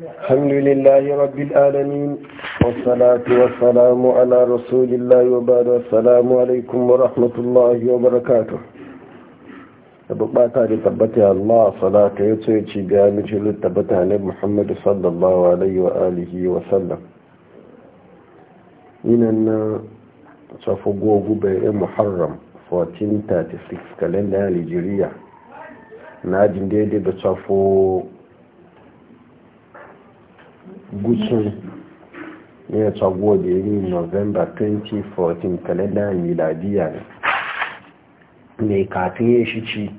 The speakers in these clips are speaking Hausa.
الحمد لله رب العالمين والصلاة والسلام على رسول الله وبعد السلام عليكم ورحمة الله وبركاته tabbata da tabbata Allah salata ya ce ci ga mijin tabbata ne Muhammad sallallahu alaihi wa alihi wa sallam inan na safu gogu bai Muharram 1436 kalenda Nigeria na jin daidai da safu gutsun ya tsago da yiri november 2014 kalendar miladiya ne kafin ya shi ci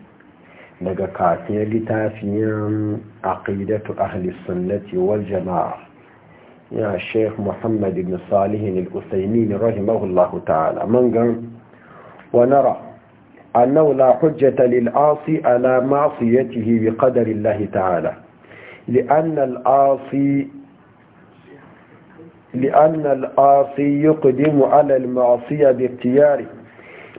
daga kafin littafin aqidatu ahli sunnati wal jama'a ya sheikh muhammad ibn salih al-usaymin rahimahullahu ta'ala man gan wa nara annahu la hujjata lil asi ala ma'siyatihi bi qadari allah ta'ala لأن العاصي لأن العاصي يقدم على المعصية باختياره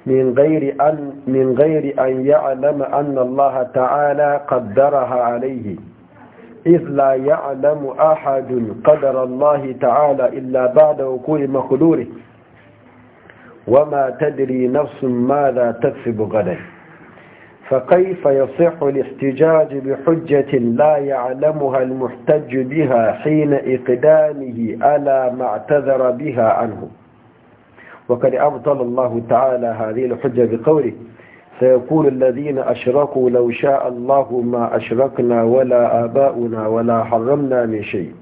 من غير أن من غير أن يعلم أن الله تعالى قدرها عليه إذ لا يعلم أحد قدر الله تعالى إلا بعد وقوع مخلوره وما تدري نفس ماذا تكسب غدا فكيف يصح الاحتجاج بحجة لا يعلمها المحتج بها حين إقدامه ألا ما اعتذر بها عنه وقد أبطل الله تعالى هذه الحجة بقوله سيقول الذين أشركوا لو شاء الله ما أشركنا ولا آباؤنا ولا حرمنا من شيء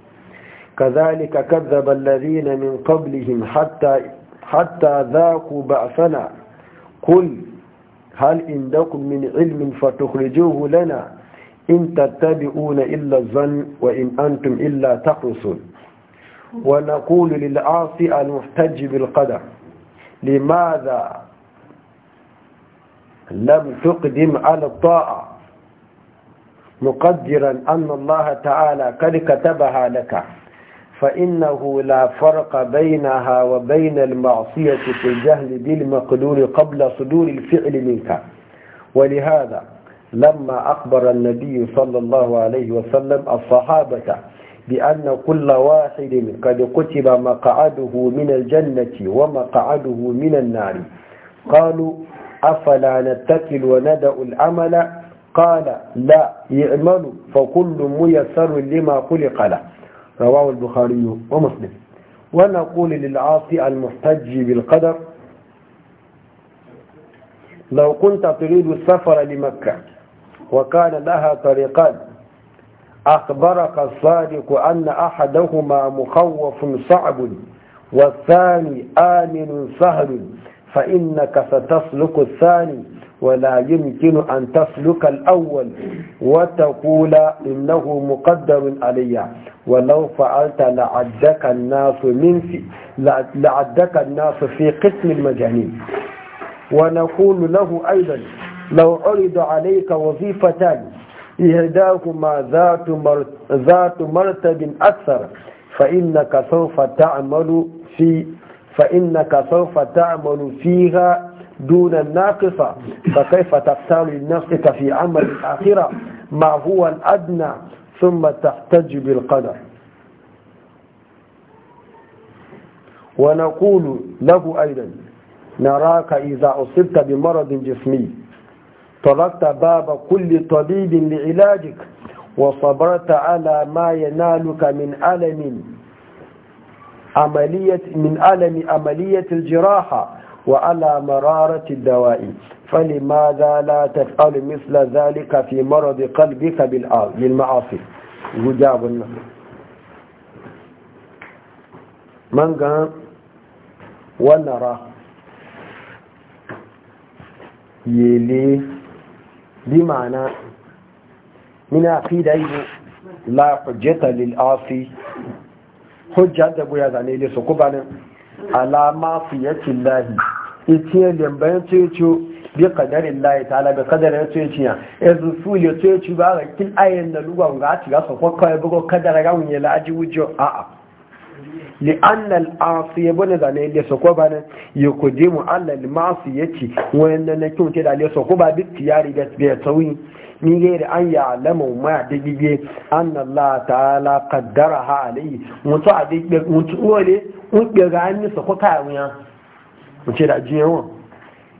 كذلك كذب الذين من قبلهم حتى, حتى ذاقوا بأسنا قل هل عندكم من علم فتخرجوه لنا إن تتبعون إلا الظن وإن أنتم إلا تقرصون ونقول للعاصي المحتج بالقدر لماذا لم تقدم على الطاعة مقدرا أن الله تعالى قد كتبها لك فإنه لا فرق بينها وبين المعصية في الجهل بالمقدور قبل صدور الفعل منك ولهذا لما أخبر النبي صلى الله عليه وسلم الصحابة بأن كل واحد قد كتب مقعده من الجنة ومقعده من النار قالوا أفلا نتكل وندأ الأمل قال لا يعمل فكل ميسر لما خلق له رواه البخاري ومسلم ونقول للعاصي المحتج بالقدر لو كنت تريد السفر لمكة وكان لها طريقان أخبرك الصادق أن أحدهما مخوف صعب والثاني آمن سهل فإنك ستسلك الثاني ولا يمكن أن تسلك الأول وتقول إنه مقدر علي ولو فعلت لعدك الناس من في لعدك الناس في قسم المجانين ونقول له أيضا لو عرض عليك وظيفتان إهداهما ذات ذات مرتب أكثر فإنك سوف تعمل في فإنك سوف تعمل فيها دون الناقصة فكيف تختار لنفسك في عمل الآخرة ما هو الأدنى ثم تحتج بالقدر ونقول له أيضا نراك إذا أصبت بمرض جسمي طلقت باب كل طبيب لعلاجك وصبرت على ما ينالك من ألم عملية من ألم عملية الجراحة وعلى مرارة الدواء فلماذا لا تفعل مثل ذلك في مرض قلبك بالمعاصي جاب من قام ونرى يلي بمعنى من عقيدة لا حجة للآصي حجة أبو يزعني لسقوبنا على معصية الله itiye da bayan tsoyoci bi kadarin lahi ta'ala bi kadarin tsoyoci ya ezu su ya tsoyoci ba ga kin ayen na luwa ga a ga so kwakwa ya bugo kadara ga wunye la aji wujo a a li anna al asi ya bane da ne so ko ba ne ya kudimu alla al masu yace wayan na kin ke da le ko ba bi tiyari da bi tawi ni gairi an ya alama ma da gige an Allah ta'ala qaddara ha alai mutu a dai mutu wale un ga an ni ko ka wuya wuce da ajiye wa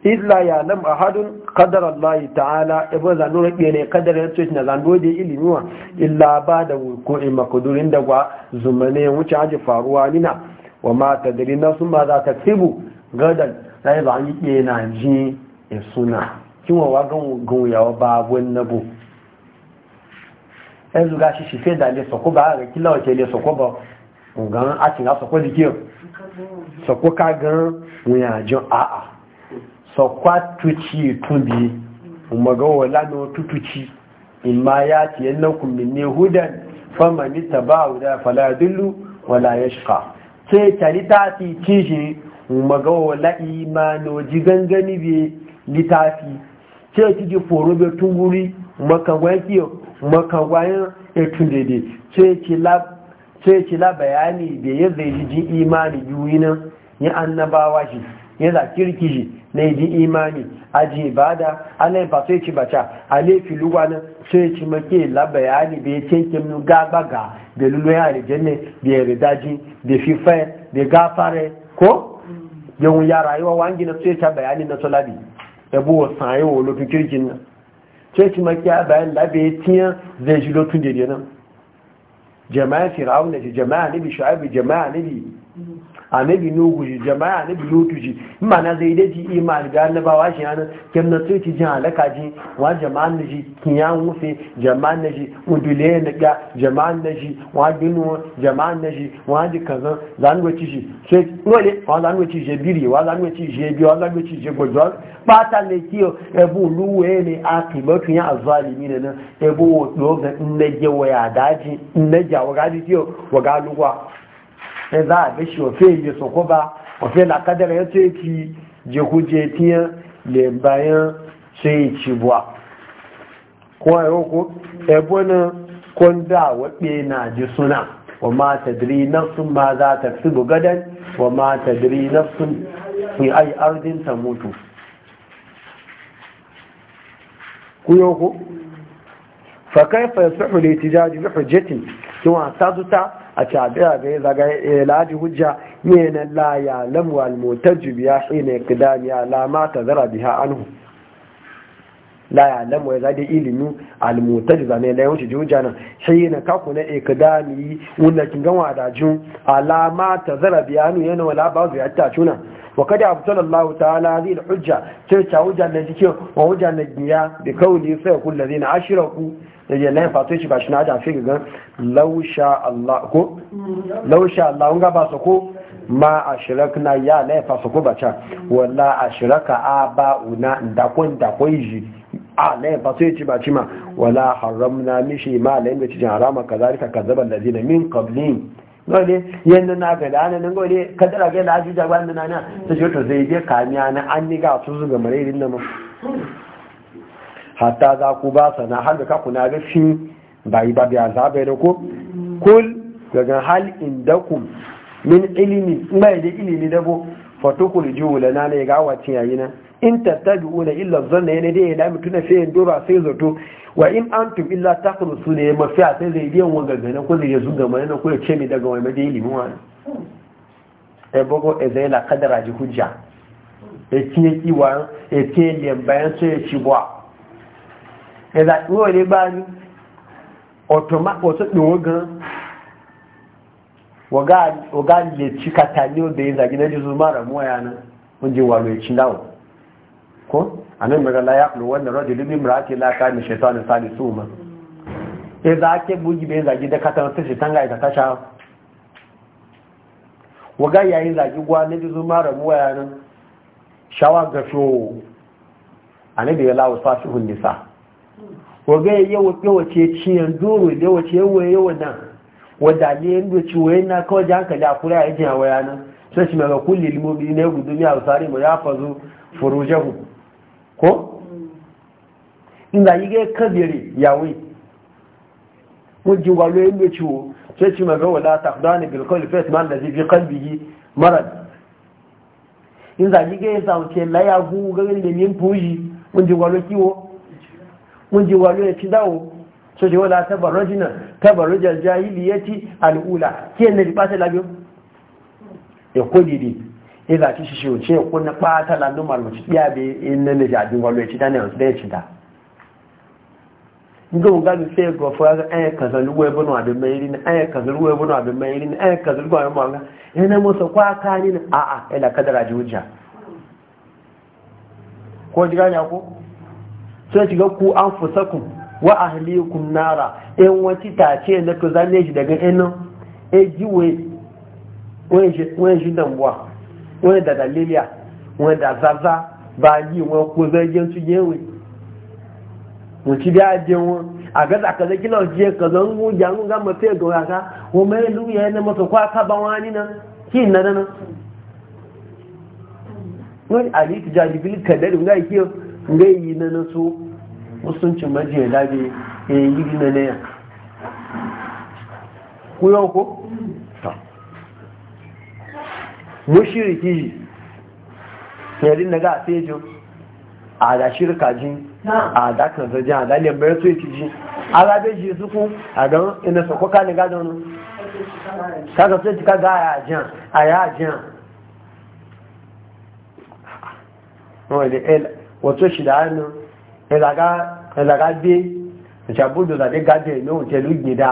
illa ya a ahadun qadar Allah ta'ala ibo zanu rabe ne kadar ya tsoci na zanu da ilimi wa illa ba da in makudurin da gwa zumane wuce aji faruwa nina wa ma na sun ma za ta tibu gadan sai ba yi ke na ji e suna Kin wa gan goyawa ba wani nabo yanzu ga shi fe da le soko ba ga kila wace le soko ba ngan a cin a soko dikiyo so ko ka gan mu ya jo a a so kwa tuchi tun bi mu maga wala no tutuci in ma ya ti yan nan ku min ne hudan ni tabau da fa la dulu wala yashqa ce talita ti ci ji mu maga wala imano ji gangani bi litafi ce ti ji foro be tunguri makawaye makawaye etunde de ce ki lab sai ci la bayani da ya zai ji imani yuyi nan ya annabawa shi ya za kirki shi na yi ji imani aji bada alayin ba sai ci bacha alai filuwa nan sai ci make la bayani da ya kenke mu ga da lulu ya aljanne da ya ridaji da fifa da gafare ko yawon ya rayuwa wangi na sai ta bayani na solabi yabo wa sayo lokacin kirkin nan sai ci make bayan labe tiyan zai ji lokacin jirgin nan جماعة فرعون جماعة نبي شعيب جماعة نبي anabi n'ugu ji jama'a anabi lutu ji ma na zai ji imani ga annabawa shi yana kin na tsoci jin alaka ji wa jama'a na ji kiya wufe jama'a na ji udule na ga jama'a na ji wa binu jama'a na ji wa ji kaza zan wuce shi sai wale wa zan wuce je biri wa zan wuce je bi wa zan wuce je gojo bata ne kiyo ebu luwe ne akibatu ya azalimi ne na ebu wo do ga je waya daji nne ja wa ga kiyo wa ga sai za a bishi wafe yi su kuba wafe na kadara ya ce ki jihuje tiya le bayan sai ya ci buwa kuma yau ko ebo na kwanda waɗe na ji suna wa ma ta diri nafsun ma za ta fi bugadan wa ma ta diri nafsun fi ai ardin ta mutu ku fa kai fa kaifa yasuhu li tijaji bi hujjati kuma ta. a tabiya ga zaga eh, laji hujja yana la ya lam wal mutajib ya hina qidam ya la ma tazara biha anhu la ya lam wa zadi ilimi al mutajib ne la yuci hujja na hina na kuna iqdami wannan kin da wadajun ala ma tazara biha anhu yana wala ba zai ta tuna وقد أبطل الله تعالى هذه الحجة ترجع وجه النجيك ووجه النجية بقوله سيقول الذين أشركوا يجي لين فاتوش باشنا عجع فيك لو شاء الله لو شاء الله نغا باسكو ما أشركنا يا لين فاسكو باشا ولا أشرك آباؤنا ندقون دقويجي a faso ya ci ba cima wala haramna mishi ma layin da cikin harama kazalika zaba lazina min kablin gole yadda na ga dana nan gole kadara ga da ajuja ba nan na ta ce to zai je kamiya na an ni ga su zuga marairin nan hatta za ku ba sana har da kaku na shi ba yi ba biya za bai da ku kul daga hal ku min ilimi mai da ilimi da ko fatukul jiwu na ne ga wacin yayi nan in tattabi'una illa zanna yana dai yana mutuna sai yin dora sai zato wa in an antum illa su ne mafiya sai zai biyan wanga gagana ko zai yanzu ga mana ko ya ce mai daga wani madai limin wani Ya bogo e zai la kadara ji hujja ya tiye kiwa ya tiye liyan bayan sai ya ci bwa ya zaɓi ko ne ba ni otoma oto dogo gan wa ga lecci katani ne da yin zagi na jisu mara mu yana mun je walo ya ci dawo ko a nan daga la yaqlu wanda rajulun bi imra'ati la kana shaytanu salisuhuma e za ke bugi be zagi da katan su shaitan ga ita tasha waga yayi zagi gwa ne dizu mara mu nan shawa ga sho anabi ya lawo sashi hundisa waga yayi wace ciyan doro da wace waye wannan wadda ne yanda ci waye na kawai hankali a kula ya jiya wayanan sai shi mai ga kulli ya ne gudu ya a tsari mu ya fazo furujahu ko inda yi ga kabiri yawe mun ji gwalo yin da ciwo sai ci maga wala taqdani bil qawli fa man ladhi fi qalbihi marar. inda yi ga sa ce la ya gu ga ne min fuji mun ji gwalo kiwo mun ji gwalo ya ci dawo sai ji wala tabarrujina tabarrujal jahiliyati al ula ke na ba ta labiyo ya kodi dai ìgbà tí ṣiṣẹ́ òṣìṣẹ́ òkú ní pátá ládùn màlù tí bí àbí iná lè ṣàdínwọ̀ lọ ndị ní ọ̀sẹ̀ ìtìdá nígbòhùn gáàbí fẹ́ ẹ̀gọ́ fọ́ra ẹ̀yẹ kàzọ̀lúwọ̀ ẹbọnù àbẹ̀mẹ́rin ka kàzọ̀lúwọ̀ ẹbọnù àbẹ̀mẹ́rin ẹ̀yẹ kàzọ̀lúwọ̀ ẹbọnù àbẹ̀mẹ́rin ẹ̀yẹ kàzọ̀lúwọ̀ ẹbọnù àbẹ̀mẹ́rin ẹ̀yẹ kàzọ̀lúwọ̀ ẹbọnù àbẹ̀mẹ́rin ẹ̀yẹ kàzọ̀lúwọ̀ ẹbọnù wani da daliliya wani da zaza ba yi wani ko zargin su yewe wuci da ajiye wọn a gaza ka zaki na jiye ka zan guja mun ga mafi ga waka wa mai luya na masa kwa ka ba wani nan na nan wani kadari ga ki ga yi na so musuncin majiya da bi e yi na ya ku ọkụ mushiriki yarin na ga fejin a da shirka ji a da kan zarjin a da lambar su ci ji a rabe ji su ku a don ina sako ka ne gadon Kaka sai cika ga a jan a ya jan wato shi da hannun ilaga bi ìṣàbùdó tàbí gádẹ̀ ìlú òtẹ́lú ìgbìdá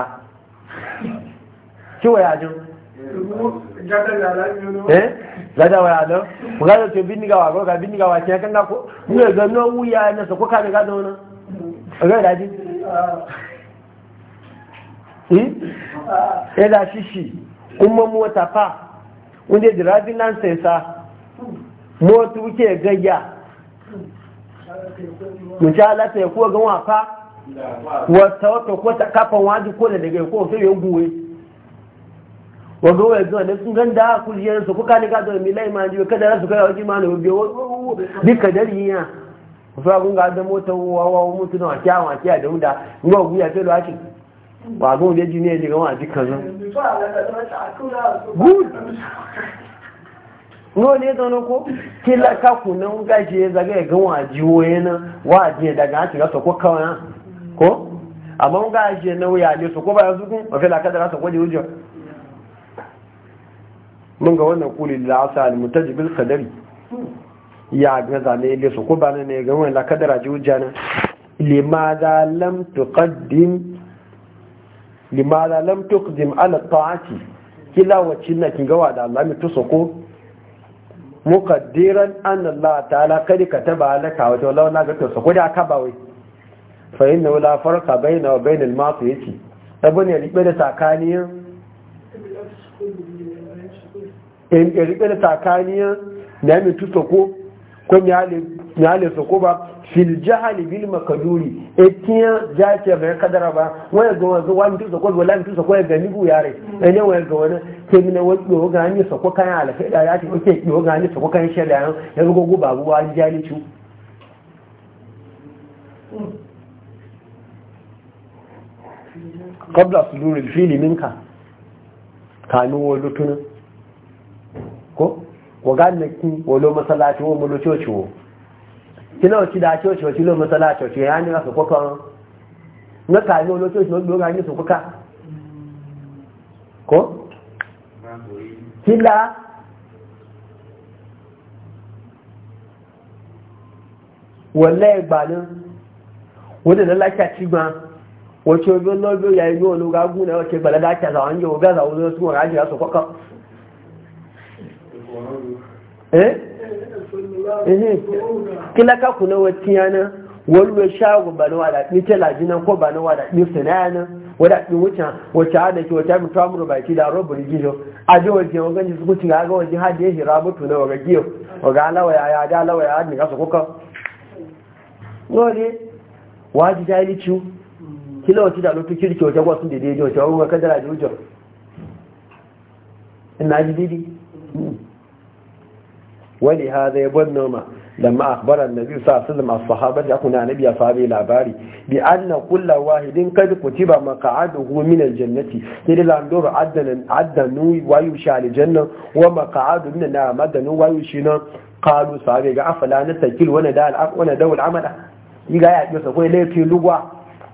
kí wọ́n yà jùn gada eh? wa yana ku gada bindiga wa ga bindiga wa ce kan ko mu ga gano wuya na so ko ka ga da na ga da ji eh eh da shishi kuma mota fa unde driving license sa mota wuce ya mun ta la ta ko ga wa fa wa ta ko ta kafan waji ko da daga ko sai ya guwe waga waya zuwa ne sun ganda kuliyar su kuka ne gado mi lai ma kada kai ma duka dari ya fa kun ga zama wawa mutu na kya ya guya ce ji ne daga wa dukkan ne ko kila ka zaga ga na daga ko kawai ko amma ga na wuya ne su ko ba su kun wa fela kada su wujo mun ga wannan kuli da la'asa al-mutajib al-qadari ya ga zane ile su ko bana ne ga wannan kadara ji hujjana limadha lam tuqaddim limadha lam tuqdim ala ta'ati kila wacin na kin wa da Allah mi to soko muqaddiran an Allah ta'ala kadi kataba alaka wa tawalla na ga to soko da ka wai? fa inna la farqa baina wa baina al-ma'siyati abun ya libe da tsakanin rike da takaniyar da ya mutu sako ko miyale sako ba fil jahali bil makaduri etiya jace bai kadara ba wani ga wanzu wani mutu soko wala mutu sako ya gani bu yare ɗan yawon ya ga wani ke mina wani ga hanyar kayan da ya ce oke ɗogo ga hanyar soko kayan shari'a ya zugo guba guba wani minka kanu wani tunan. ko waga na ki wolo masallaci wo mulo coci wo kina o ci da coci o ci lo masallaci o ci ya ni ka ko kan na ka ni wolo coci no do ga ni so ko ka ko kila wọlé ìgbàlú wọ́n lè láti àtìgbà wọ́n tí ó bí lọ́gbọ́ ìyá ìlú ológagún náà ọ̀tẹ́gbàlẹ́dá àti àtàwọn yóò gáza olóòsùn ọ̀rọ̀ àjíyà sọ kọ́kọ́ eh, eh kila ka kuna wati yana wani shago ba na wada ɗin talaji nan ko ba na wada ɗin sinaya nan wada ɗin wucin wacce hada ke wata mutuwa mura baki da robar gijo a ji wajen wajen ji sukuci ga aga wajen hada ya hira mutu na waga giyo waga alawa ya ya da alawa ya hada ga su kuka wa waji ta yi ciwo kila wacce da lotu kirki wajen wasu da daidai wacce wajen kadara da wujan ina ji didi? Hmm. wani ha zai ban noma lamma akhbaran nabi sa sallam as-sahaba da kuna nabi ya sahabi labari bi anna kullu wahidin kad kutiba maq'aduhu min al-jannati kidi landor addan addanu wa yusha al-janna wa maq'adu min na madanu wa yushina qalu sahabi ga afala na takil wani da al-aqwana dawul amala yi ga ya ko sai laifi lugwa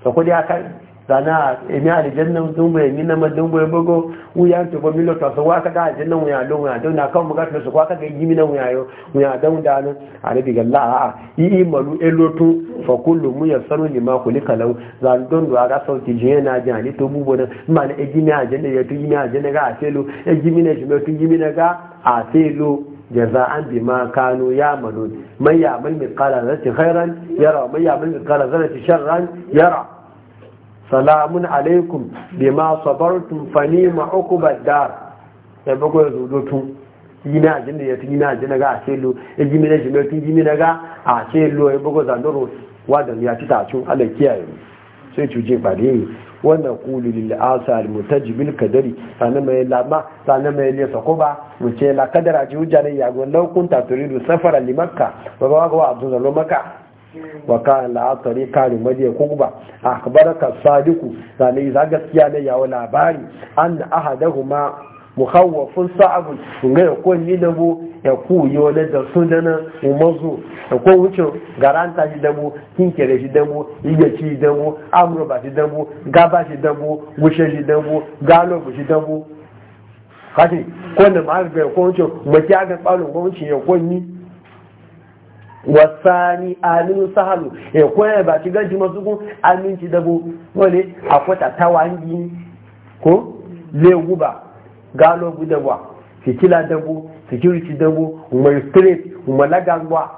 sai ko ya kai sana emi alijanna dumbo emi nama dumbo ebogo uya to bo milo to so wa ka alijanna uya do uya do na ka mu ga to so wa ka ga yimi na uya yo uya da unda a ale diga la a yi malu elotu fa kullu mu yasaru lima kulika law zan don do aga sauti je na je ali to bu bona ma na ejimi alijanna ya to yimi alijanna ga aselo ejimi na jimi to yimi na ga a aselo jaza'an bima kanu ya'malun man ya'mal mithqala dharratin khairan yara man ya'mal mithqala dharratin sharran yara salamun alaikum bima sabartum fani ma uqbad dar ya bago ya zo tun yina jinda ya tun yina ya gimi na jime tun gimi na ga ya bago zandoro ya ci tacin kiyaye sai cuje ne wannan lil asal mutajibil kadari sanan mai lama sanan mai وكان العطري كان مدي كوبا أخبرك الصادق قال إذا قصيا لي ولا باري أن أحدهما mukhawafin sa'abun ga ya ko ni dabo ya ku yole da dana umazu ya ko garanta shi kinkere shi dabo iye ci dabo amurba shi dabo gaba galobu shi dabo kashi ko da ma'arga maki aga tsarin ko wuce wasani alin sahalu ya e, kwaya ba ki ganci masu kun aminci dabo wale a kwata tawangi ko lewu ba galo gudawa fitila dabo security dabo umar street umar lagangwa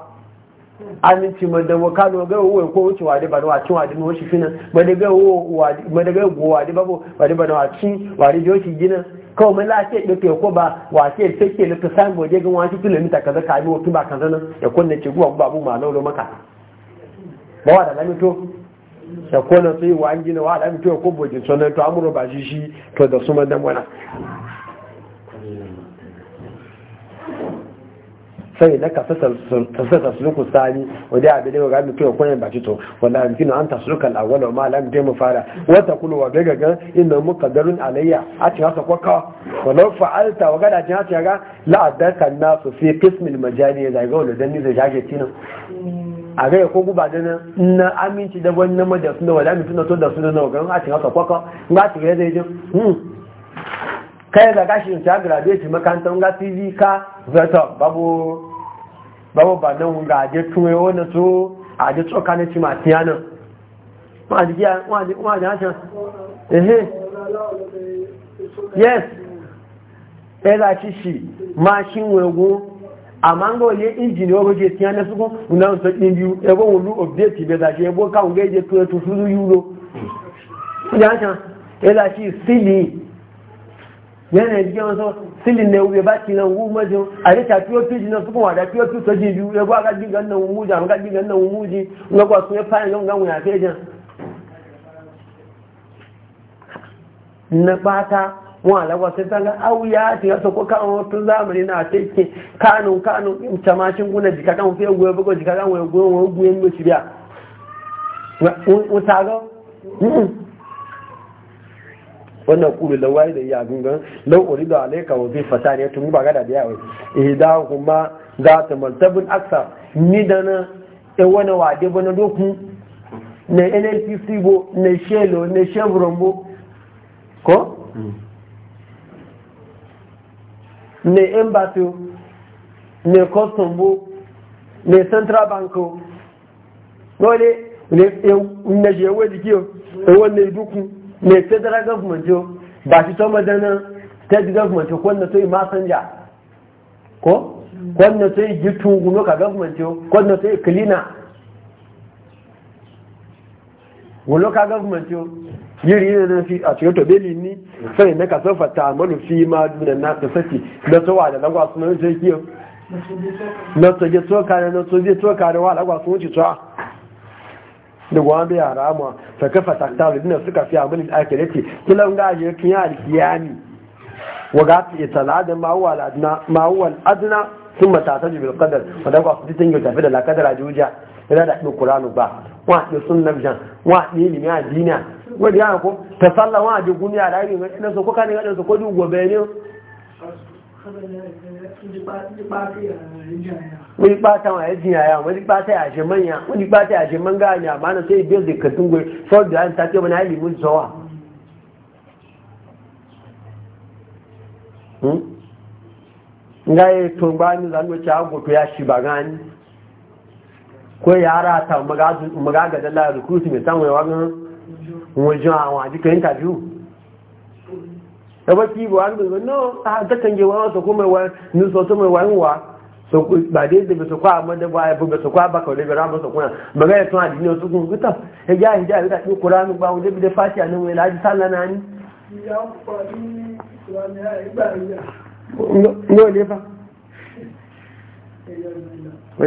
aminci ka kano ga wo ko wuce wade ba wa wacin wade mu shi fina madaga wo wade go wade babo wade ba wa cin wade joshi gina kawai mai lafiya ɗin fiye ko ba ke take na fi goge waje gan wani kilomita kaza ka yi wato ba kaza nan ya kunna ce guwa ba abu ma laulo maka ba wa da lamito ya kona sai wa an gina wa da lamito ya ko bojin sonan to amuro ba shi shi to da su madan wani sai da ka sassa tasluku sani wadda abin da ga mutum kuma ba to wala yumkinu an tasluka al-awwal wa ma lam mu fara wata taqulu wa daga inda muka muqaddarun alayya a cikin haka ko ka wala fa'alta wa gada ce haka ga la adaka an-nasu fi kismin majani ya ga wala dan ni shage jage tina a ga ko guba da nan na aminci da wannan nama da wala mutum to da suna na ga a cikin haka ko ka ga cikin ga zai jin hmm. kai da gashin ta graduate makarantar ga TV ka zata babu babu ba nan ga aje tuwe wani so aje tsoka na ci masu yanan ma ji ji da hasha ehe yes ɗaya ci shi mashin wego amma ga wani injini wa gaje tiya na suku na so ɗin biyu ebo wulu update bai za shi ebo kawun ga je tuwe to su yulo da hasha ɗaya za ci sili yanayi jikin so. silin ne ube ba ci nan wu majin a rita fiyo tuji nan suka wada fiyo tu soji biyu ya gwa gaji gan wumuji amma gaji gan wumuji na gwa sun ya fara yan gan wuya fejin na bata wọn alagwa sai tanga au ya ci ya soko kan wata zamani na teke kanu kanu tamashin guna jika kan fiye goyo bago jika kan wuya goyo wuya goyo goyo goyo goyo goyo goyo wannan kulu lawai da iya gungan lau uridu alayka wa fi fasani tun ba gada da yawa idan kuma za ta martabin aksa ni da na e wani wade bana doku na NLPC bo na Shelo na Chevron bo ko ne embassy ne custom bo ne central bank ko dole ne e, na je wadi kiyo e wannan dukun mai federal government yo ba shi toma dana state government ko na sai masanja ko ko na sai gitu guno ka government yau ko na sai cleaner guno ka government yau yiri ne na fi a cikin to beli ni sai na ka sofa ta amalu fi ma dunan na ta saki da towa da lagwa sunan sai kiyo na soje tsoka na soje tsoka da wa lagwa sunan ci tsoka da gwambe ya rama ta kafa taktaru dina suka fi amalin akirati kilan gaje kin ya alkiyani wa ga ta itala da mawuwal adna mawuwal adna sun matata jibil kadar wadda kwa su tinyo tafi da lakadar a juja ina da ɗin qur'anu ba wa da sun jan wa ɗin ilimin dina wa da ko ta sallah wa a jikuniya da ainihin na so kuka ne ga da so ko dubu gobe ne wani ɓata wa yajin yaya wani ɓata ya ashe manya wani ɓata ya ashe manga ne amma na sai biyar da katun gwai sau da an tafiya mana hali mun zawa ngaye yi gbani zanu ci ya shi bagani ko yara ta magaga da la recruitment tan wani wajen awon ajikan ẹgbẹ́ tí ìbò àwọn ìgbẹ̀rẹ̀ náà tẹ́kẹ̀ẹ́ wọn sọ kó mẹ́wàá ní sọ tó mẹ́wàá ń wà gbàdé ìdèbè sọkọ́ àmọ́dẹ́gbà ẹ̀bùbẹ̀ sọkọ́ àbákọ̀ lè bẹ̀rẹ̀ àmọ́ sọkọ́ bẹ̀rẹ̀ ẹ̀tún àdínní ba gbítà ẹjá da ìrítà tí kòrò àmì gba òdébí dé fásitì àníwò ìlàjì sálà náà ní. ìyá ń pọ̀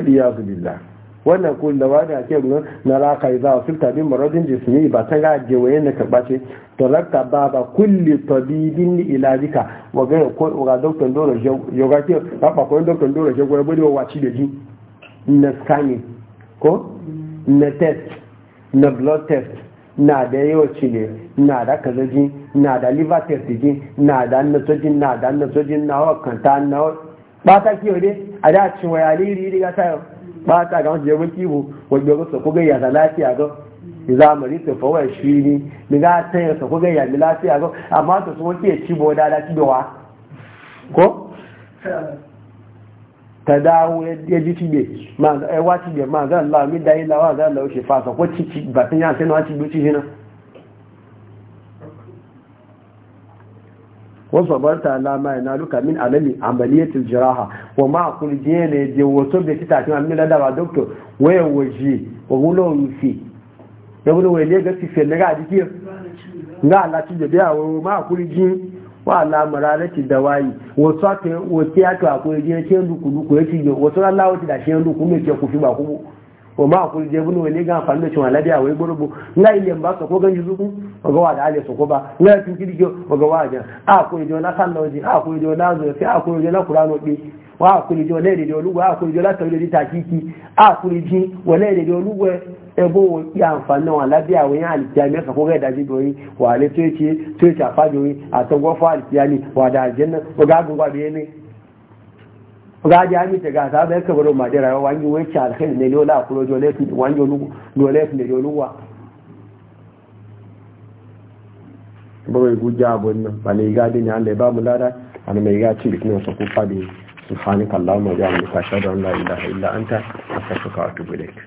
ní ìwà wannan kun da wani ake ruwan na raka yi za a filta bin maradin jismi ba ta ga jewaye na karɓa ce tarakta ba ba kulle tabibin ni ilajika wa ga wa doktor dora yoga ke raba ko doktor dora jago ya bude wa ci da ji na scanning ko na test na blood test na da yawa cile na da kazaji na da liver test ji na da nasojin na da nasojin na wakanta na ba ta kiyo dai a da cin wayali riga ta yau ba ta ga wani jebun kibo wajen rusa ko gayya ta lafiya ga zamani ta fawar shi ne ni ga ta yi sa ko gayya lafiya ga amma ta su wake cibo da da wa ko ta dawo ya ji cibe ma ga aiwa cibe ma ga Allah mi da yi lawa ga Allah shi fasa ko ci ba tun ya sai na cibe ci shi na wasabarta alama yana luka min alami amaliyatul jiraha wa ma kulje ne je wato be tita tin amin da ba doctor waya waje wa gulo nfi ya gulo wele ga ti fele ga diki nga ala ti be ya wa ma kulje wa ala marala ti dawai wato ta wato ya to akulje ce nduku nduku ya e ti wato Allah wata da shi duku me ke ku ba ku wa ma akuri je bunu wale ga amfani da wala biya a wai gurbu nga iliyan ba ka ko ganji zuku ga wa da alisu ko ba nga tun kirge ga wa ja a ko ido na sallah waje a ko ido na zo sai a ko ido na qur'ano bi wa a ko ido na ido a ko ido la tawle di takiki a ko ji wala ido lugu ebo ya da alabi a wani alikiyami ka ko ga da ji doyi wa ale to ce to ce a yi a tangwa fa alikiyami wa da aljanna ko ga gunwa bi ne ga ji ami ta ga sabe ka baro ma dira wangi yi cha alkhair ne lola kuro jole tu wangi lu lole ne joluwa bawai guja abu nan ba ne ga din Allah ba mu lada an mai ga ci bikin sa ku fadi subhanakallahumma wa bihamdika ashhadu an la ilaha illa anta astaghfiruka wa atubu ilaik